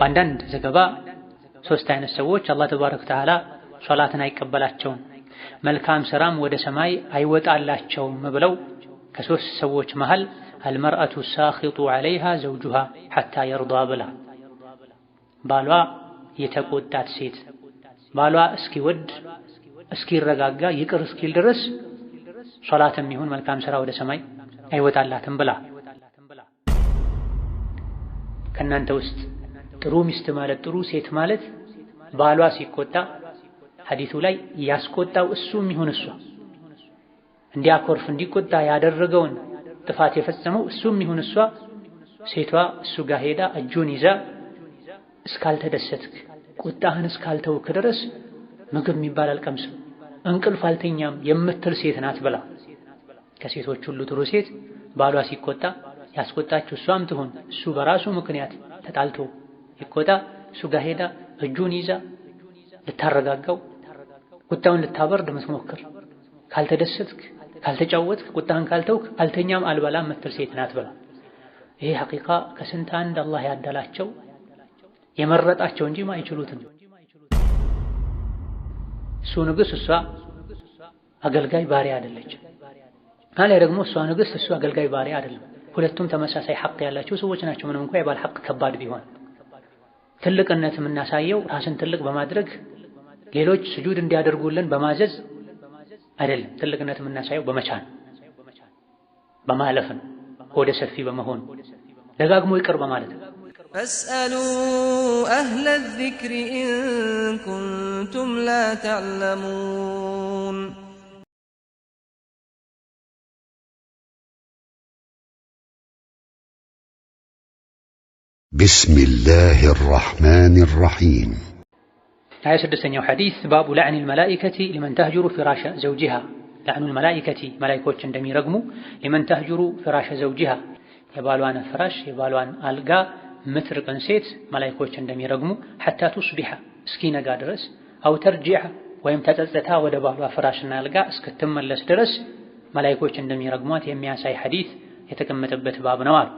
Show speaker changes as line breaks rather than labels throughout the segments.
በአንዳንድ ዘገባ ሶስት አይነት ሰዎች አላህ ተባረከ ወተዓላ ሶላትን አይቀበላቸውም፣ መልካም ስራም ወደ ሰማይ አይወጣላቸውም ብለው ከሶስት ሰዎች መሃል አልመርአቱ ሳኺጡ ዐለይሃ ዘውጁሃ ሐታ የርዳ ብላ ባሏ የተቆጣት ሴት ባሏ እስኪወድ እስኪረጋጋ ይቅር እስኪል ድረስ ሶላትም ይሁን መልካም ስራ ወደ ሰማይ አይወጣላትም ብላ ከእናንተ ውስጥ ጥሩ ሚስት ማለት ጥሩ ሴት ማለት ባሏ ሲቆጣ ሐዲሱ ላይ ያስቆጣው እሱ ይሁን እሷ እንዲያኮርፍ እንዲቆጣ ያደረገውን ጥፋት የፈጸመው እሱ ይሁን እሷ ሴቷ እሱ ጋር ሄዳ እጁን ይዛ እስካልተደሰትክ ቁጣህን እስካልተውክ ድረስ ምግብ የሚባል አልቀምስም እንቅልፍ አልተኛም የምትል ሴት ናት ብላ ከሴቶች ሁሉ ጥሩ ሴት ባሏ ሲቆጣ ያስቆጣችው እሷም ትሆን እሱ በራሱ ምክንያት ተጣልቶ ልትቆጣ እሱ ጋር ሄዳ እጁን ይዛ ልታረጋጋው ቁጣውን ልታበርድ የምትሞክር ካልተደሰትክ ካልተጫወትክ ቁጣህን ካልተውክ አልተኛም አልበላም ምትል ሴት ናት ብላ። ይሄ ሐቂቃ ከስንት አንድ አላህ ያዳላቸው የመረጣቸው እንጂ ማይችሉትም። እሱ ንግሥት እሷ አገልጋይ ባሪያ አይደለችም። አለ ደግሞ እሷ ንግሥት እሱ አገልጋይ ባሪያ አይደለም። ሁለቱም ተመሳሳይ ሐቅ ያላቸው ሰዎች ናቸው። ምንም እንኳ የባል ሐቅ ከባድ ቢሆን ትልቅነት የምናሳየው ራስን ትልቅ በማድረግ ሌሎች ስጁድ እንዲያደርጉልን በማዘዝ አይደለም። ትልቅነት የምናሳየው በመቻል በማለፍን ወደ ሰፊ በመሆን ደጋግሞ ይቅር በማለት ነው። ፈስአሉ አህለ ዚክሪ ኢን ኩንቱም ላ ተዕለሙን
بسم الله الرحمن الرحيم
آية سدس حديث باب لعن الملائكة لمن تهجر فراش زوجها لعن الملائكة ملائكة عندما رقم لمن تهجر فراش زوجها يبالوان فراش يبالوان ألقى مثل قنسيت ملائكة عندما رقم حتى تصبح سكينة قادرس أو ترجع ويمتزتها ودبالوا فراشنا ألقى سكتم اللس درس ملائكة عندما رقمات يميع ساي حديث يتكمت بابنا نوار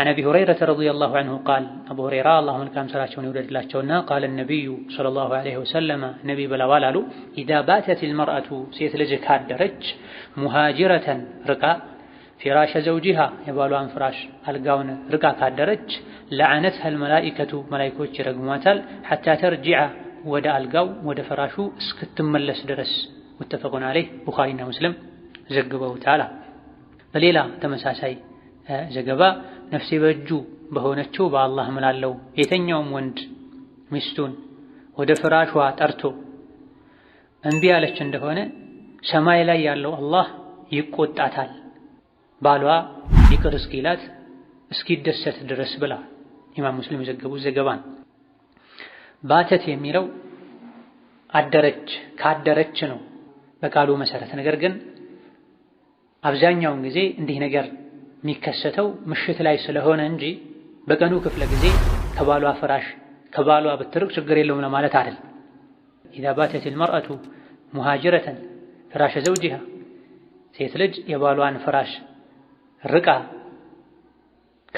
عن أبي هريرة رضي الله عنه قال أبو هريرة اللهم كام سراتشون يولد لاتشونا قال النبي صلى الله عليه وسلم نبي بلا والالو إذا باتت المرأة سيتلج كادرج مهاجرة رقا فراش زوجها يبالو عن فراش القاون رقا كادرج لعنتها الملائكة ملائكوش رقماتال حتى ترجع ودا القاو ودا فراشو اسكتملس درس متفقون عليه بخارينا مسلم زقبه تعالى በሌላ ተመሳሳይ ዘገባ ነፍሴ በእጁ በሆነችው በአላህ እምላለሁ የተኛውም ወንድ ሚስቱን ወደ ፍራሿ ጠርቶ እምቢ ያለች እንደሆነ ሰማይ ላይ ያለው አላህ ይቆጣታል፣ ባሏ ይቅር እስኪላት እስኪደሰት ድረስ ብላ ኢማም ሙስሊም የዘገቡት ዘገባን። ባተት የሚለው አደረች ካደረች ነው በቃሉ መሰረት። ነገር ግን አብዛኛውን ጊዜ እንዲህ ነገር የሚከሰተው ምሽት ላይ ስለሆነ እንጂ በቀኑ ክፍለ ጊዜ ከባሏ ፍራሽ ከባሏ ብትርቅ ችግር የለውም ለማለት አይደል። ኢዛ ባተት ልመርአቱ ሙሃጅረተን ፍራሽ ዘውጅሃ፣ ሴት ልጅ የባሏን ፍራሽ ርቃ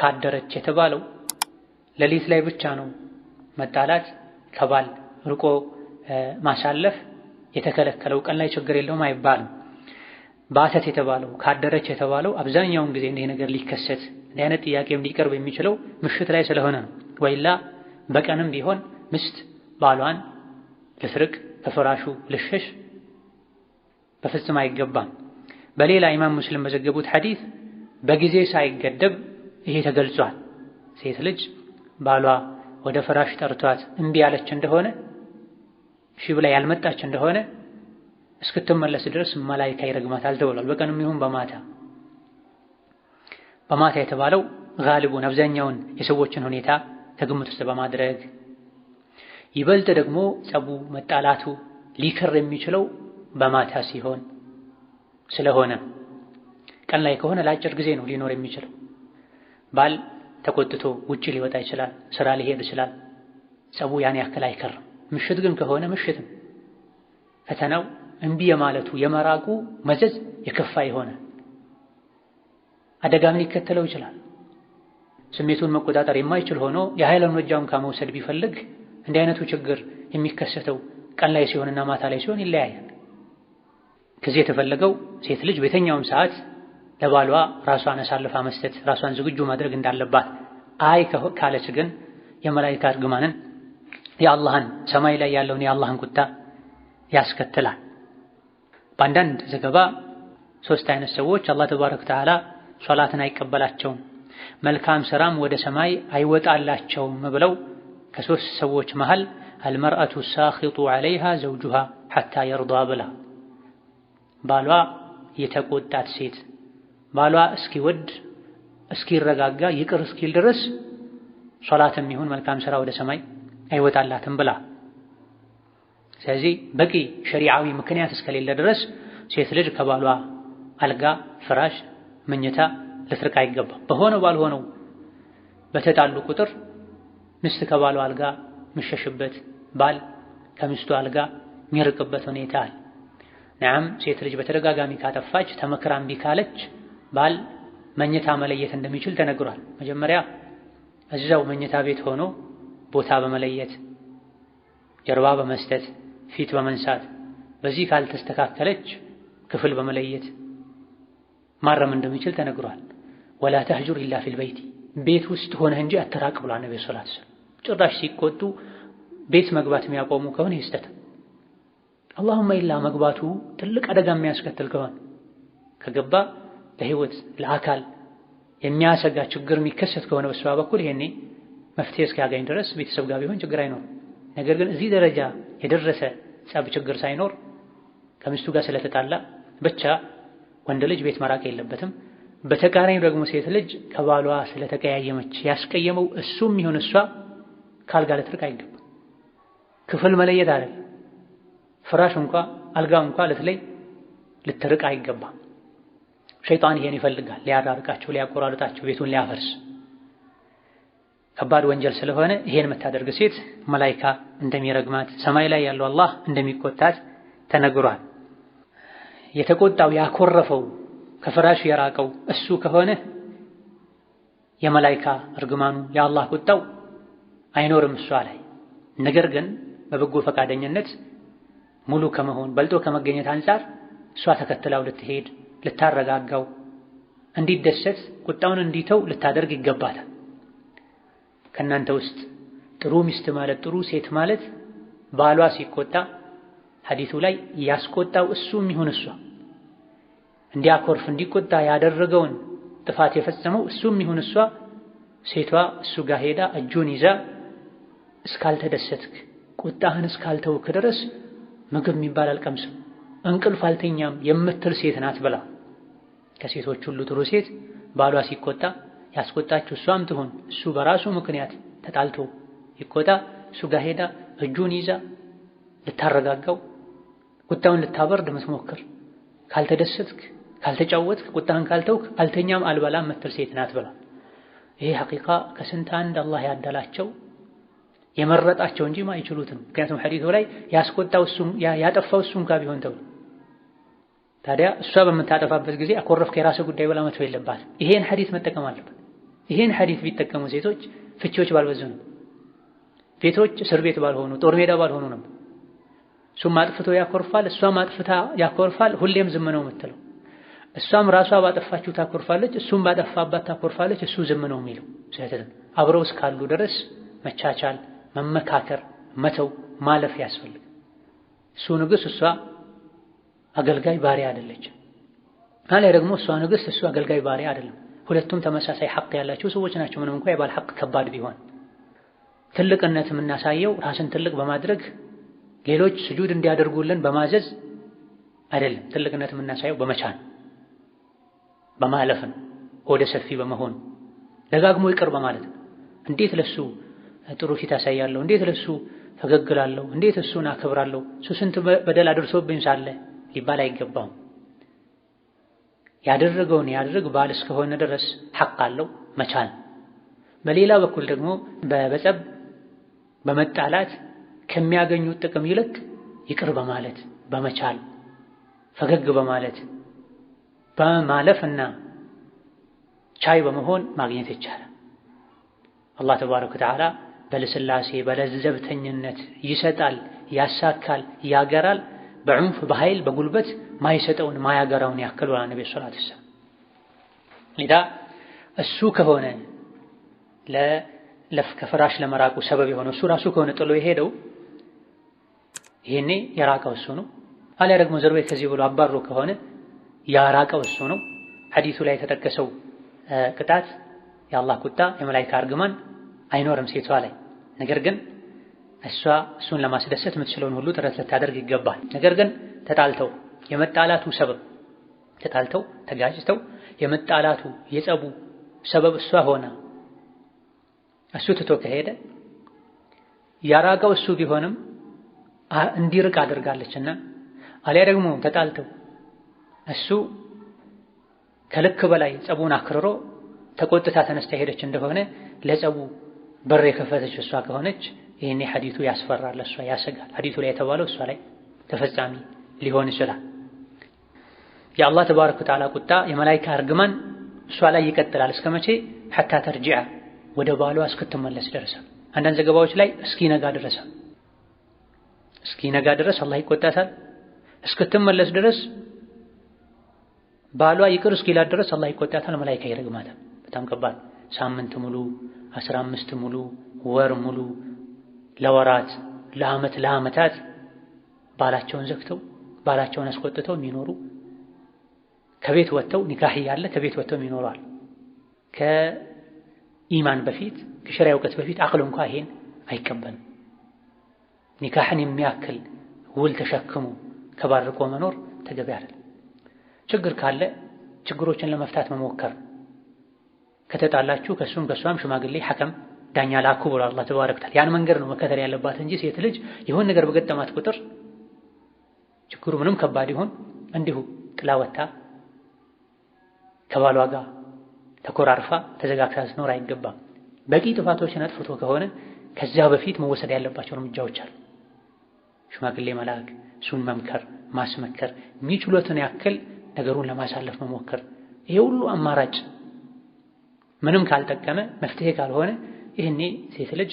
ካደረች የተባለው ሌሊት ላይ ብቻ ነው። መጣላት ከባል ርቆ ማሳለፍ የተከለከለው ቀን ላይ ችግር የለውም አይባልም። ባሰት የተባለው ካደረች የተባለው አብዛኛውን ጊዜ እንዲህ ነገር ሊከሰት እንዲህ አይነት ጥያቄም ሊቀርብ የሚችለው ምሽት ላይ ስለሆነ ነው። ወይላ በቀንም ቢሆን ሚስት ባሏን ልትርቅ ከፍራሹ ልሸሽ በፍጹም አይገባም። በሌላ ኢማም ሙስሊም መዘገቡት ሐዲስ በጊዜ ሳይገደብ ይሄ ተገልጿል። ሴት ልጅ ባሏ ወደ ፍራሽ ጠርቷት እምቢ ያለች እንደሆነ ሺ ብላ ያልመጣች እንደሆነ እስክትመለስ ድረስ መላይካ ይረግማታል ተብሏል። በቀንም ይሁን በማታ በማታ የተባለው ጋልቡን አብዛኛውን የሰዎችን ሁኔታ ከግምት ውስጥ በማድረግ ይበልጥ ደግሞ ጸቡ፣ መጣላቱ ሊከር የሚችለው በማታ ሲሆን ስለሆነ ቀን ላይ ከሆነ ለአጭር ጊዜ ነው ሊኖር የሚችለው። ባል ተቆጥቶ ውጪ ሊወጣ ይችላል፣ ስራ ሊሄድ ይችላል። ጸቡ ያን ያክል አይከርም። ምሽት ግን ከሆነ ምሽትም ፈተናው እምቢ የማለቱ የመራቁ መዘዝ የከፋ የሆነ አደጋም ሊከተለው ይችላል። ስሜቱን መቆጣጠር የማይችል ሆኖ የኃይል እርምጃውን ከመውሰድ ቢፈልግ እንዲህ አይነቱ ችግር የሚከሰተው ቀን ላይ ሲሆንና ማታ ላይ ሲሆን ይለያያል። ከዚህ የተፈለገው ሴት ልጅ በየትኛውም ሰዓት ለባሏ ራሷን አሳልፋ መስጠት፣ ራሷን ዝግጁ ማድረግ እንዳለባት። አይ ካለች ግን የመላይካ እርግማንን የአላህን ሰማይ ላይ ያለውን የአላህን ቁጣ ያስከትላል። በአንዳንድ ዘገባ ሶስት አይነት ሰዎች አላህ ተባረከ ተዓላ ሶላትን አይቀበላቸውም፣ መልካም ስራም ወደ ሰማይ አይወጣላቸውም ብለው ከሶስት ሰዎች መሃል አልመርአቱ ሳኺጡ ዐለይሃ ዘውጁሃ ሐታ የርዳ ብላ ባሏ የተቆጣት ሴት ባሏ እስኪወድ እስኪረጋጋ ይቅር እስኪል ድረስ ሶላትም ይሁን መልካም ስራ ወደ ሰማይ አይወጣላትም ብላ ስለዚህ በቂ ሸሪዓዊ ምክንያት እስከሌለ ድረስ ሴት ልጅ ከባሏ አልጋ፣ ፍራሽ፣ መኝታ ልትርቅ አይገባም። በሆነው ባልሆነው በተጣሉ ቁጥር ሚስት ከባሏ አልጋ ምሸሽበት፣ ባል ከሚስቱ አልጋ የሚርቅበት ሁኔታ አለ። ናም ሴት ልጅ በተደጋጋሚ ካጠፋች ተመክራ እምቢ ካለች ባል መኝታ መለየት እንደሚችል ተነግሯል። መጀመሪያ እዛው መኝታ ቤት ሆኖ ቦታ በመለየት ጀርባ በመስጠት ፊት በመንሳት በዚህ ካልተስተካከለች ክፍል በመለየት ማረም እንደሚችል ተነግሯል። ወላ ተህጁር ኢላ ፊል በይቲ ቤት ውስጥ ሆነ እንጂ አተራቅ ብሏል ነብዩ ሰለላሁ ዐለይሂ ጭራሽ ሲቆጡ ቤት መግባት የሚያቆሙ ከሆነ ይስተት አላሁመ ኢላ መግባቱ ትልቅ አደጋ የሚያስከትል ከሆነ ከገባ ለህይወት ለአካል የሚያሰጋ ችግር የሚከሰት ከሆነ በሷ በኩል ይሄኔ መፍትሄ እስኪያገኝ ድረስ ቤተሰብ ጋር ቢሆን ችግር አይኖርም። ነገር ግን እዚህ ደረጃ የደረሰ ጸብ ችግር ሳይኖር ከሚስቱ ጋር ስለተጣላ ብቻ ወንድ ልጅ ቤት መራቅ የለበትም። በተቃራኒው ደግሞ ሴት ልጅ ከባሏ ስለተቀያየመች ያስቀየመው እሱም ይሁን እሷ ካልጋ ልትርቅ አይገባም። ክፍል መለየት አይደል፣ ፍራሽ እንኳ አልጋ እንኳ ልትለይ ልትርቅ አይገባም። ሸይጣን ይሄን ይፈልጋል፣ ሊያራርቃቸው፣ ሊያቆራርጣቸው፣ ቤቱን ሊያፈርስ ከባድ ወንጀል ስለሆነ ይሄን የምታደርግ ሴት መላይካ እንደሚረግማት ሰማይ ላይ ያለው አላህ እንደሚቆጣት ተነግሯል። የተቆጣው ያኮረፈው ከፍራሹ የራቀው እሱ ከሆነ የመላይካ እርግማኑ የአላህ ቁጣው አይኖርም እሷ ላይ። ነገር ግን በበጎ ፈቃደኝነት ሙሉ ከመሆን በልጦ ከመገኘት አንጻር እሷ ተከትላው ልትሄድ ልታረጋጋው፣ እንዲደሰት ቁጣውን እንዲተው ልታደርግ ይገባታል። ከእናንተ ውስጥ ጥሩ ሚስት ማለት ጥሩ ሴት ማለት ባሏ ሲቆጣ ሐዲሱ ላይ ያስቆጣው እሱም ይሁን እሷ እንዲያኮርፍ እንዲቆጣ ያደረገውን ጥፋት የፈጸመው እሱም ይሁን እሷ ሴቷ እሱ ጋር ሄዳ እጁን ይዛ እስካልተደሰትክ ቁጣህን እስካልተውክ ድረስ ምግብ የሚባል አልቀምስም እንቅልፍ አልተኛም የምትል ሴት ናት ብላ ከሴቶች ሁሉ ጥሩ ሴት ባሏ ሲቆጣ ያስቆጣችሁ እሷም ትሆን እሱ በራሱ ምክንያት ተጣልቶ ይቆጣ፣ እሱ ጋር ሄዳ እጁን ይዛ ልታረጋጋው ቁጣውን ልታበርድ ምትሞክር ካልተደሰትክ፣ ካልተጫወትክ፣ ቁጣህን ካልተውክ አልተኛም አልበላም መትል ሴት ናት ብላ። ይሄ ሐቂቃ ከስንት አንድ አላህ ያዳላቸው የመረጣቸው እንጂ ማይችሉትም። ምክንያቱም ሐዲቱ ላይ ያስቆጣው እሱም ያጠፋው እሱም ጋር ቢሆን ተብሎ ታዲያ እሷ በምታጠፋበት ጊዜ አኮረፍከ የራስህ ጉዳይ ብላ መተው የለባትም። ይሄን ሐዲት መጠቀም አለበት። ይህን ሐዲት ቢጠቀሙ ሴቶች ፍቺዎች ባልበዙ ነው። ቤቶች እስር ቤት ባልሆኑ፣ ጦር ሜዳ ባልሆኑ ነው። እሱም አጥፍቶ ያኮርፋል፣ እሷም አጥፍታ ያኮርፋል። ሁሌም ዝም ነው የምትለው። እሷም ራሷ ባጠፋችሁ ታኮርፋለች፣ እሱም ባጠፋባት ታኮርፋለች። እሱ ዝም ነው የሚለው ስህተት። አብረው እስካሉ ድረስ መቻቻል፣ መመካከር፣ መተው፣ ማለፍ ያስፈልግ። እሱ ንግስት እሷ አገልጋይ ባሪያ አይደለች። አለ ደግሞ እሷ ንግስት እሱ አገልጋይ ባሪያ አይደለም። ሁለቱም ተመሳሳይ ሐቅ ያላቸው ሰዎች ናቸው። ምንም እንኳ የባል ሐቅ ከባድ ቢሆን ትልቅነት የምናሳየው ራስን ትልቅ በማድረግ ሌሎች ስጁድ እንዲያደርጉልን በማዘዝ አይደለም። ትልቅነት የምናሳየው በመቻል በማለፍን ወደ ሰፊ በመሆን ደጋግሞ ይቅር በማለት ነው። እንዴት ለሱ ጥሩ ፊት አሳያለሁ፣ እንዴት ለሱ ፈገግላለሁ፣ እንዴት እሱን አከብራለሁ፣ እሱ ስንት በደል አድርሶብኝ ሳለ ሊባል አይገባውም። ያደረገውን ያድርግ ባል እስከሆነ ድረስ ሐቅ አለው መቻል። በሌላ በኩል ደግሞ በጸብ በመጣላት ከሚያገኙት ጥቅም ይልቅ ይቅር በማለት በመቻል ፈገግ በማለት በማለፍና ቻይ በመሆን ማግኘት ይቻላል። አላህ ተባረከ ወተዓላ በልስላሴ በለዘብተኝነት ይሰጣል፣ ያሳካል፣ ያገራል በዑንፍ በኃይል በጉልበት ማይሰጠውን ማያገራውን ያክል ወላ ነብይ ሰለላሁ ዐለይሂ ወሰለም እሱ ከሆነ ለለፍ ከፍራሽ ለመራቁ ሰበብ የሆነው እሱ ራሱ ከሆነ ጥሎ የሄደው ይሄኔ የራቀው እሱ ነው። አሊያ ደግሞ ዘርቤ ከዚህ ብሎ አባሮ ከሆነ ያራቀው እሱ ነው። ሐዲሱ ላይ የተጠቀሰው ቅጣት የአላህ ቁጣ የመላይካ እርግማን አይኖርም ሴቷ ላይ ነገር ግን እሷ እሱን ለማስደሰት የምትችለውን ሁሉ ጥረት ልታደርግ ይገባል። ነገር ግን ተጣልተው የመጣላቱ ሰበብ ተጣልተው ተጋጭተው የመጣላቱ የጸቡ ሰበብ እሷ ሆና እሱ ትቶ ከሄደ ያራቀው እሱ ቢሆንም እንዲርቅ አድርጋለችና አሊያ ደግሞ ተጣልተው እሱ ከልክ በላይ ጸቡን አክርሮ ተቆጥታ ተነስታ ሄደች እንደሆነ ለጸቡ በር የከፈተች እሷ ከሆነች ይህኔ ሐዲቱ ያስፈራል፣ እሷ ያሰጋል። ሐዲቱ ላይ የተባለው እሷ ላይ ተፈጻሚ ሊሆን ይችላል። የአላህ ተባረከ ወተዓላ ቁጣ የመላይካ እርግማን እሷ ላይ ይቀጥላል እስከ መቼ? ሐታ ተርጅዐ ወደ ባሏ እስክትመለስ ደረሰ። አንዳንድ ዘገባዎች ላይ እስኪ ነጋ ድረስ እስኪ ነጋ ድረስ አላህ ይቆጣታል። እስክትመለስ ድረስ ባሏ ይቅር እስኪላት ድረስ አላህ ይቆጣታል፣ መላይካ ይረግማታል። በጣም ከባድ ሳምንት ሙሉ አስራ አምስት ሙሉ ወር ሙሉ ለወራት ለዓመት ለዓመታት ባላቸውን ዘግተው ባላቸውን አስቆጥተው የሚኖሩ ከቤት ወጥተው ኒካህ እያለ ከቤት ወጥተው ይኖረዋል። ከኢማን በፊት ከሸሪያ እውቀት በፊት አቅል እንኳ ይሄን አይቀበልም። ኒካህን የሚያክል ውል ተሸክሞ ከባርቆ መኖር ተገቢ አይደለም። ችግር ካለ ችግሮችን ለመፍታት መሞከር ከተጣላችሁ ከእሱም ከእሷም ሽማግሌ ሐከም ዳኛ ላኩ ብሎ አላህ ተባረከ ተዓላ ያን መንገድ ነው መከተል ያለባት እንጂ ሴት ልጅ የሆን ነገር በገጠማት ቁጥር ችግሩ ምንም ከባድ ይሆን እንዲሁ ጥላ ወታ ከባሏ ጋር ተኮራርፋ ተዘጋግታ ስትኖር አይገባም። በቂ ጥፋቶችን አጥፍቶ ከሆነ ከዛ በፊት መወሰድ ያለባቸው እርምጃዎች አሉ። ሽማግሌ መላክ፣ እሱን መምከር፣ ማስመከር፣ የሚችሉትን ያክል ነገሩን ለማሳለፍ መሞከር። ይሄ ሁሉ አማራጭ ምንም ካልጠቀመ መፍትሄ ካልሆነ ይህኔ ሴት ልጅ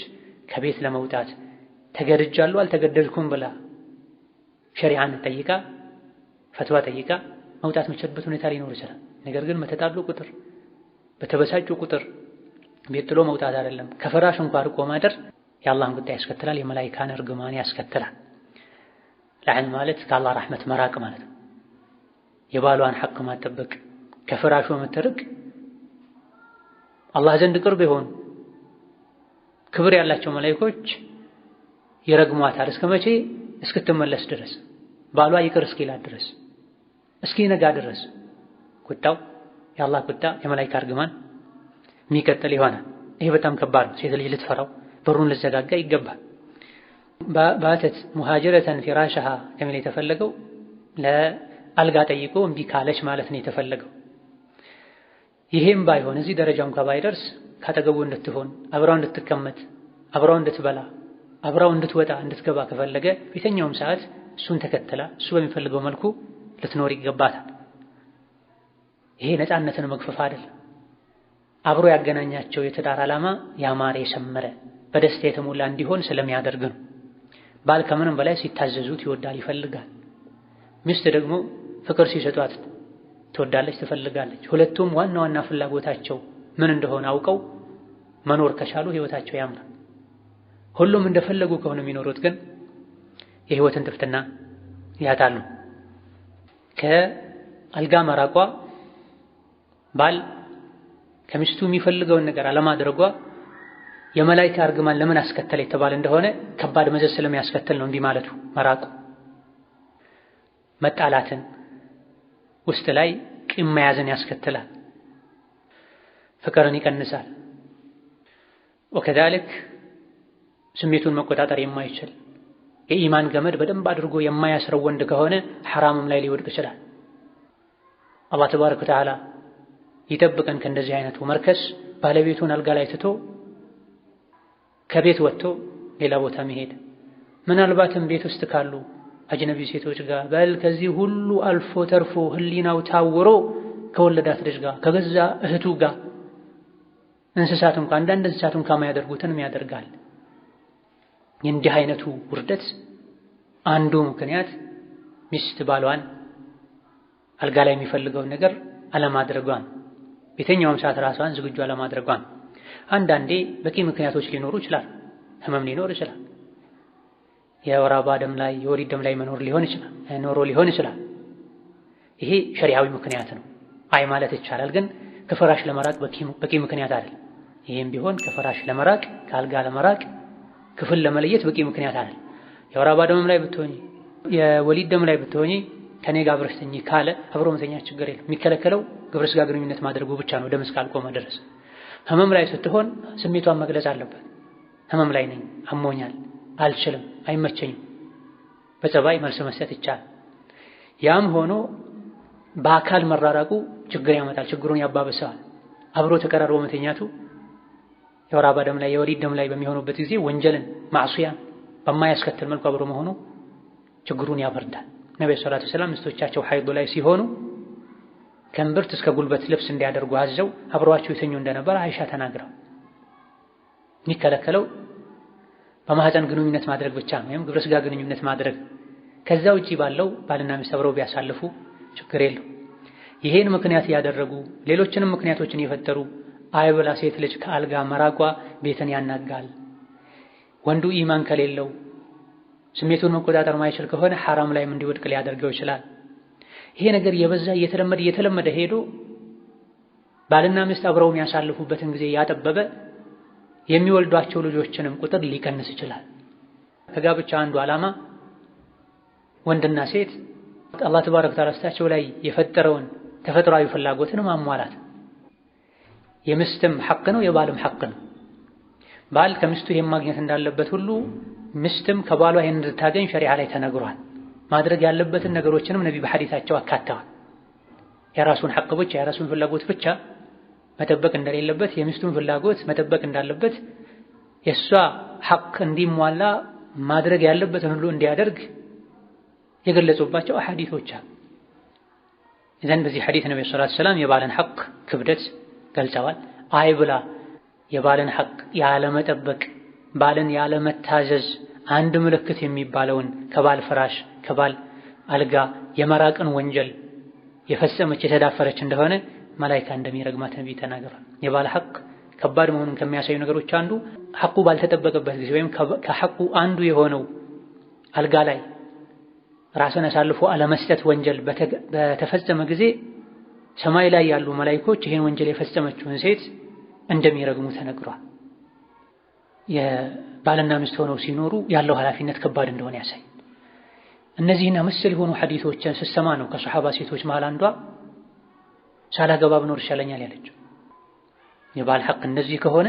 ከቤት ለመውጣት ተገድጃለሁ አልተገደድኩም ብላ ሸሪዓን ጠይቃ ፈትዋ ጠይቃ መውጣት መቸበት ሁኔታ ሊኖር ይችላል። ነገር ግን በተጣሉ ቁጥር በተበሳጩ ቁጥር ቤት ጥሎ መውጣት አይደለም ከፈራሽ እንኳ ርቆ ማደር የአላህን ቁጣ ያስከትላል፣ የመላይካን እርግማን ያስከትላል። ለዓን ማለት ከአላህ ረሕመት መራቅ ማለት ነው። የባሏን ሐቅ ማጠበቅ ከፍራሹ የምትርቅ አላህ ዘንድ ቅርብ የሆኑ ክብር ያላቸው መላይኮች ይረግሟታል። እስከ መቼ? እስክትመለስ ድረስ ባሏ ይቅር እስኪላት ድረስ እስኪነጋ ድረስ ቁጣው የአላህ ቁጣ የመላይካ እርግማን የሚቀጥል ይሆናል። ይሄ በጣም ከባድ ነው። ሴት ልጅ ልትፈራው በሩን ልዘጋጋ ይገባል። ባተት ሙሃጅረተን ፊራሻሃ ከሚል የተፈለገው ለአልጋ ጠይቆ እምቢ ካለች ማለት ነው የተፈለገው። ይሄም ባይሆን እዚህ ደረጃውን ከባይደርስ ካጠገቡ እንድትሆን አብራው እንድትቀመጥ አብራው እንድትበላ አብራው እንድትወጣ እንድትገባ ከፈለገ በየትኛውም ሰዓት እሱን ተከትላ እሱ በሚፈልገው መልኩ ልትኖር ይገባታል። ይሄ ነፃነትን መግፈፍ አይደለም። አብሮ ያገናኛቸው የትዳር ዓላማ ያማረ የሰመረ በደስታ የተሞላ እንዲሆን ስለሚያደርግ ነው። ባል ከምንም በላይ ሲታዘዙት ይወዳል፣ ይፈልጋል። ሚስት ደግሞ ፍቅር ሲሰጧት ትወዳለች፣ ትፈልጋለች። ሁለቱም ዋና ዋና ፍላጎታቸው ምን እንደሆነ አውቀው መኖር ከቻሉ ህይወታቸው ያምራል። ሁሉም እንደፈለጉ ከሆነ የሚኖሩት ግን የህይወትን ጥፍትና ያጣሉ። ከአልጋ መራቋ፣ ባል ከሚስቱ የሚፈልገውን ነገር አለማድረጓ የመላይካ እርግማን ለምን አስከተለ የተባለ እንደሆነ ከባድ መዘዝ ስለሚያስከትል ነው። እንዲህ ማለቱ መራቁ መጣላትን ውስጥ ላይ ቂም መያዝን ያስከትላል። ፍቅርን ይቀንሳል። ወከዛልክ ስሜቱን መቆጣጠር የማይችል የኢማን ገመድ በደንብ አድርጎ የማያስረው ወንድ ከሆነ ሐራምም ላይ ሊወድቅ ይችላል። አላህ ተባረከ ወተዓላ ይጠብቀን ከእንደዚህ አይነቱ መርከስ። ባለቤቱን አልጋ ላይ ትቶ ከቤት ወጥቶ ሌላ ቦታ መሄድ ምናልባትም ቤት ውስጥ ካሉ አጅነቢ ሴቶች ጋር በል ከዚህ ሁሉ አልፎ ተርፎ ህሊናው ታውሮ ከወለዳት ልጅ ጋር ከገዛ እህቱ ጋር እንስሳቱም እንኳ አንዳንድ እንስሳት ያደርጋል። የእንዲህ አይነቱ ውርደት አንዱ ምክንያት ሚስት ባሏን አልጋ ላይ የሚፈልገውን ነገር አለማድረጓን፣ በየትኛውም ሰዓት ራሷን ዝግጁ አለማድረጓን። አንዳንዴ በቂ ምክንያቶች ሊኖሩ ይችላል። ህመም ሊኖር ይችላል። የወር አበባ ደም ላይ የወሊድ ደም ላይ መኖር ሊሆን ይችላል ኖሮ ሊሆን ይችላል። ይሄ ሸሪዓዊ ምክንያት ነው። አይ ማለት ይቻላል፣ ግን ከፍራሽ ለመራቅ በቂ ምክንያት አይደለም። ይህም ቢሆን ከፍራሽ ለመራቅ ከአልጋ ለመራቅ ክፍል ለመለየት በቂ ምክንያት አለ። የወር አበባ ደምም ላይ ብትሆኚ የወሊድ ደም ላይ ብትሆኚ ከኔ ጋር አብረሽ ተኚ ካለ አብሮ መተኛት ችግር የለም። የሚከለከለው ግብረስጋ ግንኙነት ማድረጉ ብቻ ነው ደም እስካልቆመ ድረስ። ህመም ላይ ስትሆን ስሜቷን መግለጽ አለበት። ህመም ላይ ነኝ፣ አሞኛል፣ አልችልም፣ አይመቸኝም። በጸባይ መልስ መስጠት ይቻላል። ያም ሆኖ በአካል መራራቁ ችግር ያመጣል፣ ችግሩን ያባብሰዋል። አብሮ ተቀራርቦ መተኛቱ የወር አበባ ደም ላይ የወሊድ ደም ላይ በሚሆኑበት ጊዜ ወንጀልን ማዕሱያን በማያስከትል መልኩ አብሮ መሆኑ ችግሩን ያበርዳል። ነቢ ሰላቱ ሰላም ሚስቶቻቸው ሀይድ ላይ ሲሆኑ ከእምብርት እስከ ጉልበት ልብስ እንዲያደርጉ አዘው አብረዋቸው የተኙ እንደነበረ አይሻ ተናግረው የሚከለከለው በማህፀን ግንኙነት ማድረግ ብቻ ነው፣ ወይም ግብረ ስጋ ግንኙነት ማድረግ። ከዛ ውጪ ባለው ባልና ሚስት አብረው ቢያሳልፉ ችግር የለው። ይሄን ምክንያት ያደረጉ ሌሎችንም ምክንያቶችን የፈጠሩ አይብላ ሴት ልጅ ከአልጋ መራቋ ቤትን ያናጋል። ወንዱ ኢማን ከሌለው ስሜቱን መቆጣጠር ማይችል ከሆነ ሐራም ላይም እንዲወድቅ ሊያደርገው ይችላል። ይሄ ነገር የበዛ እየተለመደ እየተለመደ ሄዶ ባልና ሚስት አብረው የሚያሳልፉበትን ጊዜ ያጠበበ የሚወልዷቸው ልጆችንም ቁጥር ሊቀንስ ይችላል። ከጋብቻ አንዱ ዓላማ ወንድና ሴት አላህ ተባረከ ወተዓላ ስታቸው ላይ የፈጠረውን ተፈጥሯዊ ፍላጎትን ማሟላት የሚስትም ሐቅ ነው፣ የባልም ሐቅ ነው። ባል ከሚስቱ ይሄን ማግኘት እንዳለበት ሁሉ ሚስትም ከባሏ ይሄን እንድታገኝ ሸሪዓ ላይ ተነግሯል። ማድረግ ያለበትን ነገሮችንም ነቢ በሐዲታቸው አካተዋል። የራሱን ሐቅ ብቻ የራሱን ፍላጎት ብቻ መጠበቅ እንደሌለበት፣ የምስቱን ፍላጎት መጠበቅ እንዳለበት፣ የእሷ ሐቅ እንዲሟላ ማድረግ ያለበትን ሁሉ እንዲያደርግ የገለጹባቸው አሐዲቶች አሉ። እዘን በዚህ ሐዲት ነቢ ሰላቱ ሰላም የባለን ሐቅ ክብደት ገልጸዋል። አይ ብላ የባልን ሐቅ ያለመጠበቅ፣ ባልን ያለመታዘዝ አንድ ምልክት የሚባለውን ከባል ፍራሽ ከባል አልጋ የመራቅን ወንጀል የፈጸመች የተዳፈረች እንደሆነ መላይካ እንደሚረግማት ነቢይ ተናግሯል። የባል ሐቅ ከባድ መሆኑን ከሚያሳዩ ነገሮች አንዱ ሐቁ ባልተጠበቀበት ጊዜ ወይም ከሐቁ አንዱ የሆነው አልጋ ላይ ራስን አሳልፎ አለመስጠት ወንጀል በተፈጸመ ጊዜ ሰማይ ላይ ያሉ መላይኮች ይሄን ወንጀል የፈጸመችውን ሴት እንደሚረግሙ ተነግሯል። የባልና ሚስት ሆነው ሲኖሩ ያለው ኃላፊነት ከባድ እንደሆነ ያሳይ። እነዚህና መሰል የሆኑ ሐዲሶችን ስሰማ ነው ከሰሓባ ሴቶች መሃል አንዷ ሳላገባ ብኖር ይሻለኛል ያለችው። የባል ሐቅ እንደዚህ ከሆነ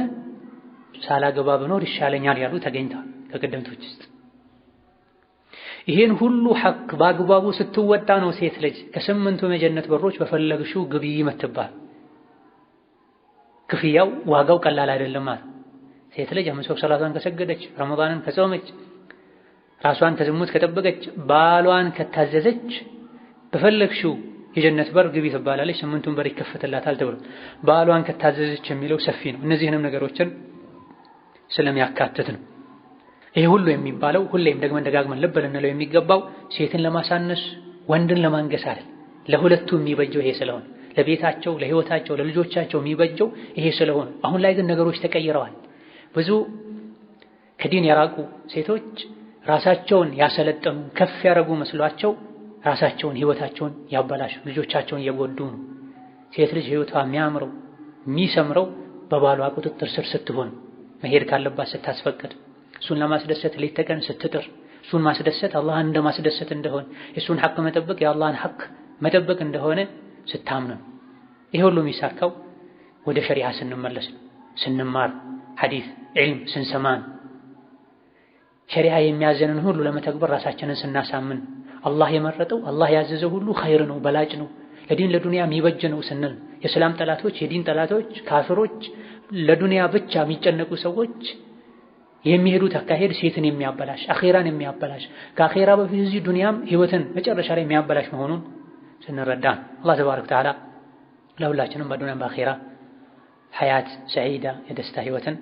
ሳላገባ ብኖር ይሻለኛል ያሉ ተገኝተዋል ከቀደምቶች ውስጥ ይሄን ሁሉ ሐቅ በአግባቡ ስትወጣ ነው ሴት ልጅ ከስምንቱም የጀነት በሮች በፈለግሽው ግቢ ይመትባል። ክፍያው ዋጋው ቀላል አይደለም ማለት ሴት ልጅ አምስት ወቅት ሰላቷን ከሰገደች፣ ረመዳንን ከጾመች፣ ራሷን ከዝሙት ከጠበቀች፣ ባሏን ከታዘዘች በፈለግሽው የጀነት በር ግቢ ትባላለች። ስምንቱን በር ይከፈትላታል ተብሎ ባሏን ከታዘዘች የሚለው ሰፊ ነው። እነዚህንም ነገሮችን ስለሚያካትት ነው። ይሄ ሁሉ የሚባለው ሁሌም ደግመን ደጋግመን ልብ ልንለው የሚገባው ሴትን ለማሳነስ ወንድን ለማንገስ አይደል። ለሁለቱ የሚበጀው ይሄ ስለሆነ ለቤታቸው፣ ለህይወታቸው፣ ለልጆቻቸው የሚበጀው ይሄ ስለሆነ አሁን ላይ ግን ነገሮች ተቀይረዋል። ብዙ ከዲን የራቁ ሴቶች ራሳቸውን ያሰለጠኑ ከፍ ያደረጉ መስሏቸው ራሳቸውን ህይወታቸውን ያበላሹ፣ ልጆቻቸውን እየጎዱ ነው። ሴት ልጅ ህይወቷ የሚያምረው የሚሰምረው በባሏ ቁጥጥር ስር ስትሆን መሄድ ካለባት ስታስፈቅድ እሱን ለማስደሰት ሌት ተቀን ስትጥር እሱን ማስደሰት አላህን እንደ ማስደሰት እንደሆነ የእሱን ሐቅ መጠበቅ የአላህን ሐቅ መጠበቅ እንደሆነ ስታምኑ ይሄ ሁሉ የሚሳካው ወደ ሸሪዓ ስንመለስ ስንማር ሐዲስ ዒልም ስንሰማን ሸሪዓ የሚያዘንን ሁሉ ለመተግበር ራሳችንን ስናሳምን አላህ የመረጠው አላህ ያዘዘው ሁሉ ኸይር ነው፣ በላጭ ነው፣ ለዲን ለዱንያ የሚበጅ ነው ስንል የሰላም ጠላቶች፣ የዲን ጠላቶች፣ ካፍሮች፣ ለዱንያ ብቻ የሚጨነቁ ሰዎች የሚሄዱት አካሄድ ሴትን የሚያበላሽ አኼራን የሚያበላሽ ከአኼራ በፊት እዚህ ዱንያም ህይወትን መጨረሻ ላይ የሚያበላሽ መሆኑን ስንረዳ አላህ ተባረከ ወተዓላ ለሁላችንም በዱንያም በአኼራ ሀያት ሰዒዳ የደስታ ህይወትን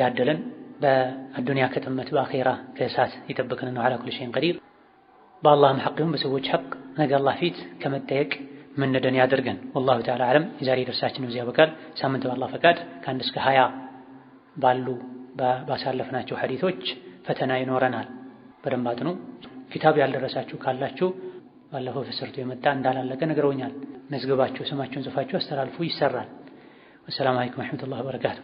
ያደለን በአዱንያ ከጥመት በአኼራ ከእሳት ይጠብቀንና ዐላ ኩሊ ሸይን ቀዲር። በአላህም ሐቅ ይሁን በሰዎች ሐቅ ነገ አላህ ፊት ከመጠየቅ ምንድን ያደርገን። ወላሁ ተዓላ አለም የዛሬ ደርሳችን እዚህ ያበቃል። ሳምንት በአላህ ፈቃድ ከአንድ እስከ ሀያ ባሉ ባሳለፍናቸው ሐዲቶች ፈተና ይኖረናል። በደንብ አጥኑ። ኪታብ ያልደረሳችሁ ካላችሁ ባለፈው ፍስርቱ የመጣ እንዳላለቀ ነግረውኛል። መዝግባችሁ ስማችሁን ጽፋችሁ አስተላልፉ። ይሰራል። ወሰላም አለይኩም ወረሕመቱላሂ ወበረካቱ